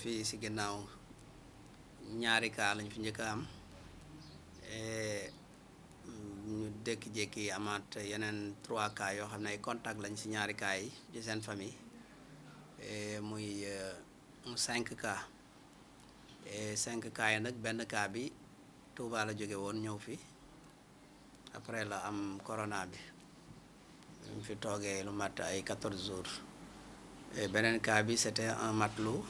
fi si ginnaaw ñaari cas lañ fi njëkk a am eh, ñu dékki-jékki amaat yeneen trois cas yoo xam ne ay contact lañ si ñaari cas yi ci seen famille eh, muy eh, cinq cas cinq cas yi nag benn kaa bi Touba la jóge woon ñëw fi après la am corona bi mu fi toogee lu mat ay quatorze jours beneen cas bi c'était un matelot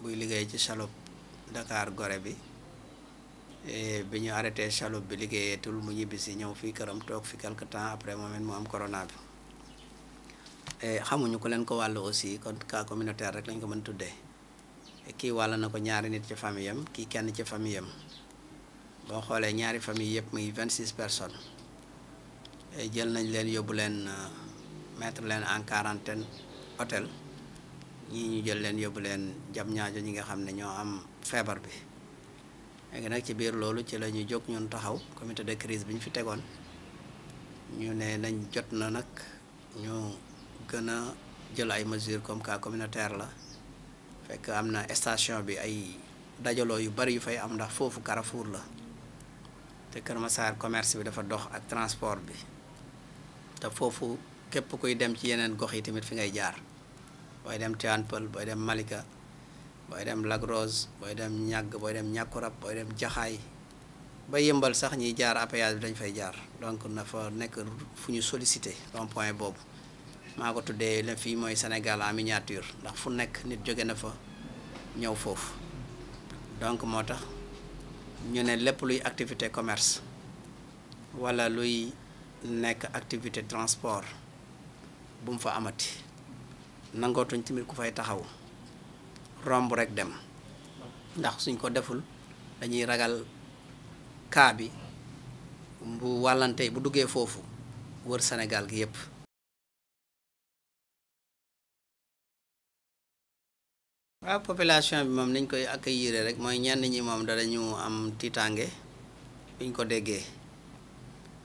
buy liggéey ci chaloupe Dakar Gorée bi e, bi ñu arrêté chaloupe bi liggéeyeetul mu ñibbi si ñëw fii këram toog fi quelque temps après moom mu am corona bi e, xamuñu ko leen ko wàll aussi kon cas communautaire rek lañ ko mën tuddee e, kii wàll na ko ñaari nit ci famille am kii kenn ci famille am boo xoolee ñaari famille yëpp muy vingt six personnes jël nañ leen yóbbu leen euh, mettre leen en quarantaine hôtel ñi ñu jël leen yóbbu leen jam ñaajo ñi nga xam ne ñoo am feebar bi léegi nag ci biir loolu ci la ñu jóg ñun taxaw comité de crise bi ñu tegoon ñu ne nañ jot na nag ñu gën a jël ay mesures comme cas communautaire la fekk am na station bi ay dajaloo yu bari yu fay am ndax foofu Carrefour la te Kër Massar commerce bi dafa dox ak transport bi te foofu képp kuy dem ci yeneen gox yi tamit fi ngay jaar booy dem Tivaouane Peulh booy dem Malika booy dem Lac booy dem ñàgg booy dem ñàkkurab booy dem jaxaay ba yëmbal sax ñiy jaar appayage bi dañ fay jaar donc na fa nekk fu ñu sollicité rond point boobu maa ko tuddee fii mooy Sénégal en ndax fu nekk nit jóge na fa ñëw foofu donc moo tax ñu ne lépp luy activité commerce wala luy nekk activité transport bu mu fa amati nangootuñ tamit ku fay taxaw romb rek dem ndax suñ ko deful dañuy ragal kaa bi bu wàllante bu duggee foofu wër senegal gi yépp waaw population bi moom niñ koy accueillir rek mooy ñenn ñi moom danañu am tiitaange buñ ko déggee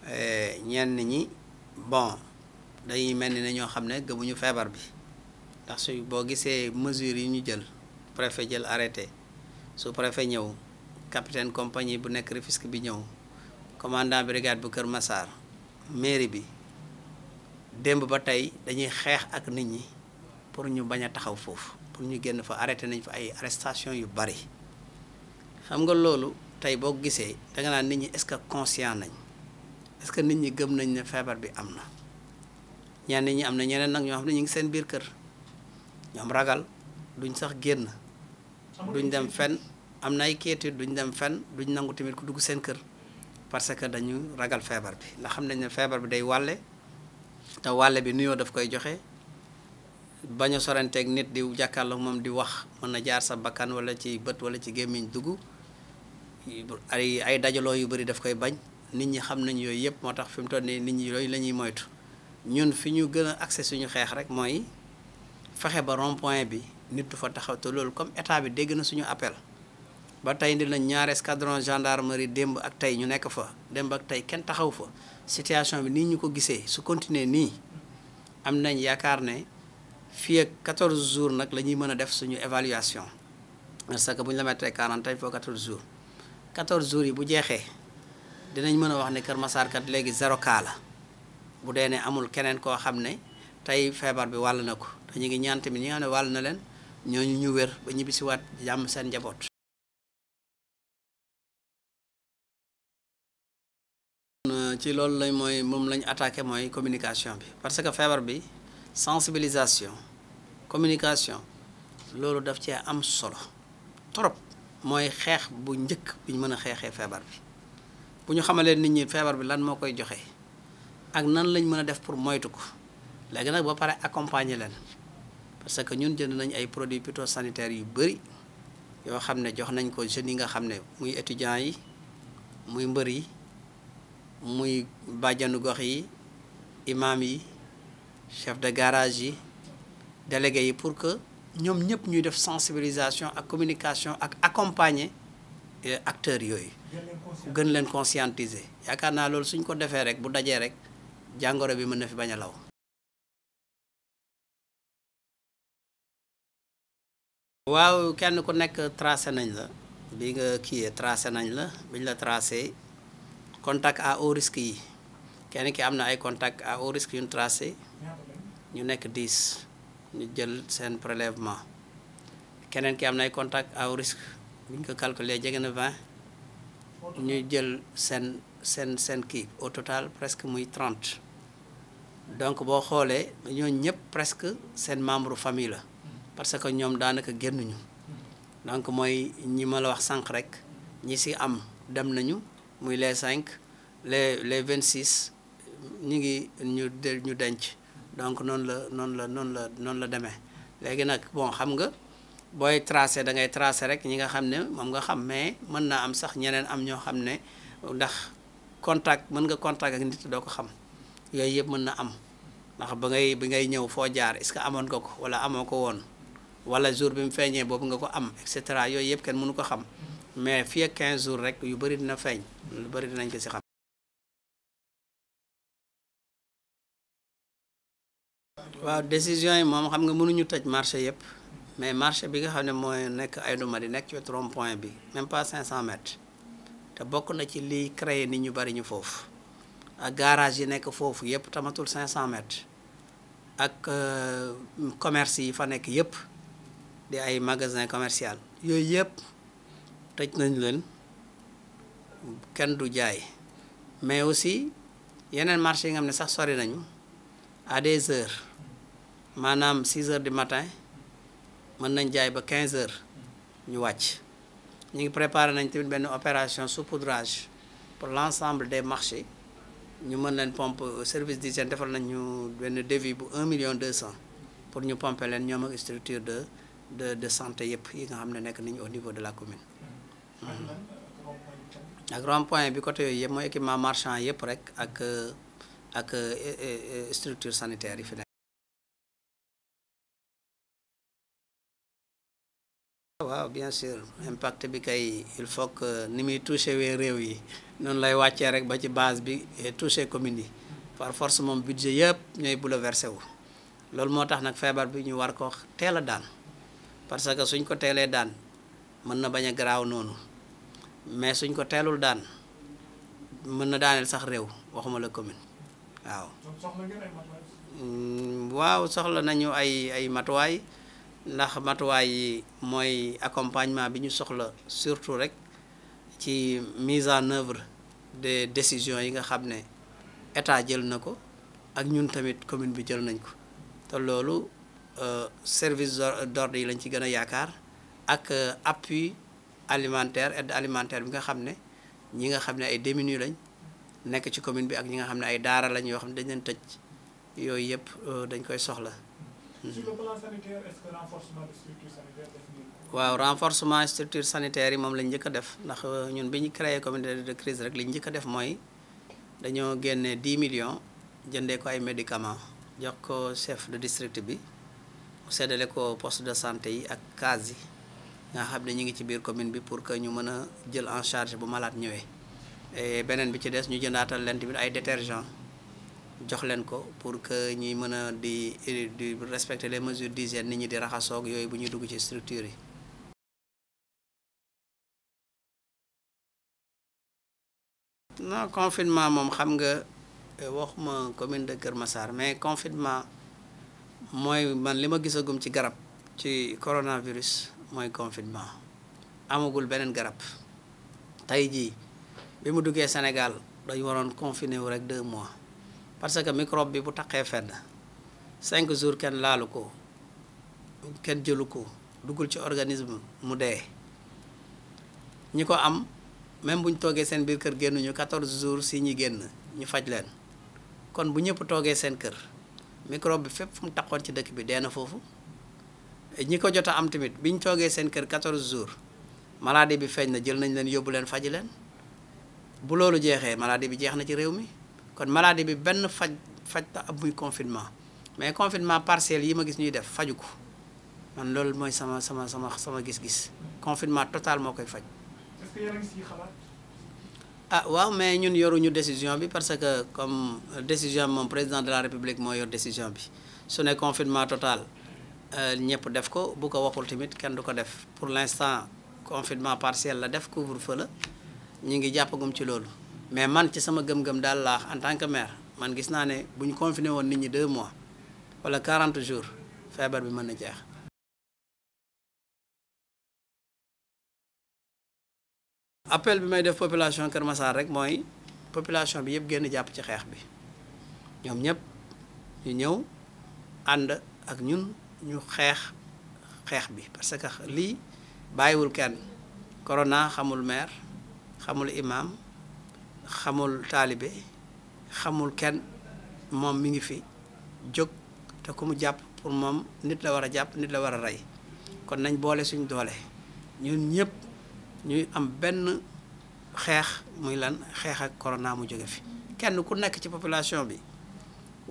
eh, ñenn ñi bon dañuy mel ni ne ñoo xam ne gëmuñu feebar bi ndax su boo gisee mesures yi ñu jël préfet jël arrêté su préfet ñëw capitaine compagnie bu nekk Rufisque bi ñëw commandant brigade bu Kër Massar mairie bi démb ba tey dañuy xeex ak nit ñi pour ñu bañ a taxaw foofu pour ñu génn fa arrêté nañ fa ay arrestation yu bari xam nga loolu tey boo gisee danga naan nit ñi est-ce que conscient nañ est que nit ñi gëm nañ ne feebar bi am na ñenn nit ñi am na ñeneen nag ñoo xam ne ñu ngi seen biir kër ñoom ragal duñ sax génn duñ dem fenn am na ay quiétude duñ dem fenn duñ nangu tamit ku dugg seen kër parce que dañu ragal feebar bi ndax xam nañ ne feebar bi day wàlle te wàlle bi nuyoo daf koy joxe bañ a soranteeg nit di jàkkaarloo moom di wax mën na jaar sa bakkan wala ci bët wala ci gémmiñ dugg ay ay dajaloo yu bari daf koy bañ nit ñi xam nañu yooyu yëpp moo tax fi mu toll nii nit ñi yooyu lañuy moytu ñun fi ñu gën a accès suñu xeex rek mooy fexe ba rond point bi nit du fa taxaw te loolu comme état bi dégg na suñu appel ba tey ndi nañ ñaari escadron gendarmerie démb ak tey ñu nekk fa démb ak tey kenn taxaw fa situation bi nii ñu ko gisee su continuer nii am nañ yaakaar ne fii ak jours nag la ñuy mën a def suñu évaluation parce que bu ñu la mettee jours 14 jours yi bu jeexee dinañ mën a wax ne Kër Massar léegi zéro cas la bu dee ne amul keneen koo xam ne. tey feebar bi wàll na ko te ñu ngi ñaan bi ñi nga xam ne wàll na leen ñooñu ñu wér ba ñibbisiwaat jàmm seen njaboot. ci loolu lañ mooy moom lañu attaqué mooy communication bi parce que feebar bi sensibilisation communication loolu daf cee am solo trop mooy xeex bu njëkk biñ mën a xeexee feebar bi bu ñu xamalee nit ñi feebar bi lan moo koy joxee ak nan lañ mën a def pour moytu ko. a nag ba pare accompagner leen parce que ñun jënd nañ ay produit produits phytosanitaires yu bëri yoo xam ne jox nañ ko jeunes yi nga xam ne muy étudiants yi muy mbër yi muy bàjjanu gox yi imam yi chef de garage yi délégué yi pour que ñoom ñëpp ñuy def sensibilisation ak communication ak accompagner eh, acteurs yooyu gën leen conscientiser yaakaar naa loolu suñ ko defee rek bu dajee rek jàngoro bi mën na fi bañ a law waaw kenn ku nekk tracé nañ la bi nga kiiyee tracé nañ la biñ la tracé contact à haut risque yi kenn ki am na ay contact à haut risque yuñ tracé ñu nekk 10 ñu jël seen prélèvement keneen ki am na ay contact à haut risque buñ ko calculer jege na 20 ñu jël seen seen seen kii au total presque muy 30 donc boo xoolee ñooñu ñëpp presque seen membre famille la parce que ñoom daanaka génnuñu donc mooy ñi ma la wax sànq rek ñi si am dem nañu muy les cinq les les vingt six ñu ngi ñu ñu denc donc noonu la noonu la noonu la noonu la demee léegi nag bon xam nga booy tracé da ngay tracé rek ñi nga xam ne moom nga xam mais mën naa am sax ñeneen am ñoo xam ne ndax contact mën nga contact ak nit doo ko xam yooyu yëpp mën na am ndax ba ngay bi ngay ñëw foo jaar est-ce que amoon nga ko walla amoo ko woon wala jour bi mu feeñee boobu nga ko am et yooyu yëpp kenn mënu ko xam mais fii ak 15 rek yu bëri dina feeñ lu bëri dinañ ko si xam. waaw décision yi moom xam nga mënuñu tëj marché yëpp mais marché bi nga xam ne mooy nekk Aïdou Mady nekk ci rond point bi même pas 500 mètres te bokk na ci liy créer nit ñu bëri ñu foofu ak garage yi nekk foofu yëpp tamatul 500 mètres ak euh, commerce yi fa nekk yëpp. di ay magasin commercial yooyu yëpp tëj nañ leen kenn du jaay mais aussi yeneen marché yi nga xam ne sax sori nañu à des heures maanaam 6 heures du matin mën nañ jaay ba quinze heures ñu wàcc ñu ngi préparer nañ tamit benn opération saupoudrage pour l' ensemble des marchés ñu mën leen pompe service d'hygiène defal nañ ñu benn devis bu un million 200 pour ñu pomper leen ñoom ak structure de de santé yëpp yi nga xam ne nekk nañu au niveau de la commune. Mm-hmm. bi côté yooyu mooy équipement marchand yëpp rek ak ak e, e, e, structure sanitaire yi fi nekk. waaw bien sûr impact bi kay il faut que ni muy toucher wee réew yi noonu lay wàccee rek ba ci base bi toucher commune yi par force moom budget yëpp ñooy bouleversé wu loolu moo tax nag feebar bi ñu war ko teel parce que suñ ko teelee daan mën na bañ a garaaw noonu mais suñ ko teelul daan mën na daaneel sax réew waxuma la commune waaw. Mm, waaw soxla nañu ay ay matuwaay ndax matuwaay yi mooy accompagnement bi ñu soxla surtout rek ci mise en œuvre de décisions yi nga xam ne état jël na ko ak ñun tamit commune bi jël nañ ko te loolu. Euh, service d'ordre yi lañ ci gën a yaakaar ak euh, appui alimentaire aide alimentaire bi nga xam ne ñi nga xam ne ay démunis lañ nekk ci commune bi ak ñi nga xam ne ay daara lañ yoo xam ne dañ leen tëj yooyu yëpp euh, dañ koy soxla. waaw renforcement structure sanitaire yi moom lañ njëkk def ndax ñun bi ñu créé communauté de crise rek li ñu njëkk def mooy dañoo génne dix millions jëndee ko ay médicaments jox ko chef de district bi. seddale ko poste de santé yi ak case yi nga xam ne ñu ngi ci biir commune bi pour que ñu mën a jël en charge bu malaat ñëwee beneen bi ci des ñu jëndaatal bi tamit ay détergent jox leen ko pour que ñuy mën a di di respecter les mesures d'hygiène ni ñi di raxasoog yooyu bu ñuy dugg ci structure yi non confinement moom xam nga waxuma commune de Kër Massar mais confinement mooy man li ma gisagum ci garab ci coronavirus mooy confinement amagul beneen garab tey jii bi mu duggee Sénégal dañu waroon confiné wu rek deux mois parce que microbe bi bu taqee fenn cinq jours kenn laalu ko kenn jëlu ko duggul ci organisme mu dee ñi ko am même buñ toogee seen biir kër génnuñu quatorze jours si ñi génn ñu faj leen kon bu ñëpp toogee seen kër microbe bi fépp fu mu taxoon ci dëkk bi dee na foofu ñi ko jot a am tamit biñ toogee seen kër 14 jours maladie bi feeñ na jël nañ leen yóbbu leen faji leen bu loolu jeexee maladie bi jeex na ci réew mi kon maladie bi benn faj faj ta ab muy confinement mais confinement partiel yi ma gis ñuy def faju ko man loolu mooy sama sama sama sama gis-gis confinement total moo koy faj. ah waaw mais ñun yoruñu décision bi parce que comme décision moom président de la république moo yor décision bi su ne confinement total euh, ñëpp def ko bu ko waxul tamit kenn du ko def pour l'instant confinement partiel la def couvre-feu la ñu ngi jàppagum ci loolu mais man ci sama gëm-gëm daal laax en tant que maire man gis naa ne bu ñu confiné woon nit ñi deux mois wala quarante jours feebar bi mën na jeex. appel bi may def population Kër Massar rek mooy population bi yëpp génn jàpp ci xeex bi ñoom ñëpp ñu ñëw ànd ak ñun ñu xeex xeex bi parce que lii bàyyiwul kenn corona xamul maire xamul imam xamul taalibe xamul kenn moom mi ngi fi jóg te ku mu jàpp pour moom nit la war a jàpp nit la war a rey kon nañ boole suñ doole ñun ñëpp ñuy am benn xeex muy lan xeex ak corona mu jóge fi kenn ku nekk ci population bi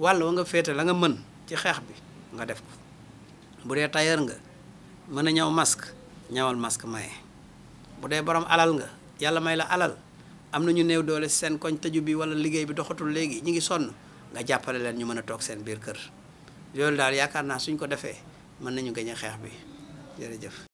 wàll wa nga féete la nga mën ci xeex bi nga def ko bu dee tailleur nga mën a ñaw masque ñawal masque maye bu dee borom alal nga yàlla may la alal am na ñu néew doole seen koñ tëju bi wala liggéey bi doxatul léegi ñu ngi sonn nga jàppale leen ñu mën a toog seen biir kër loolu daal yaakaar naa suñ ko defee mën nañu gañ a xeex bi jërëjëf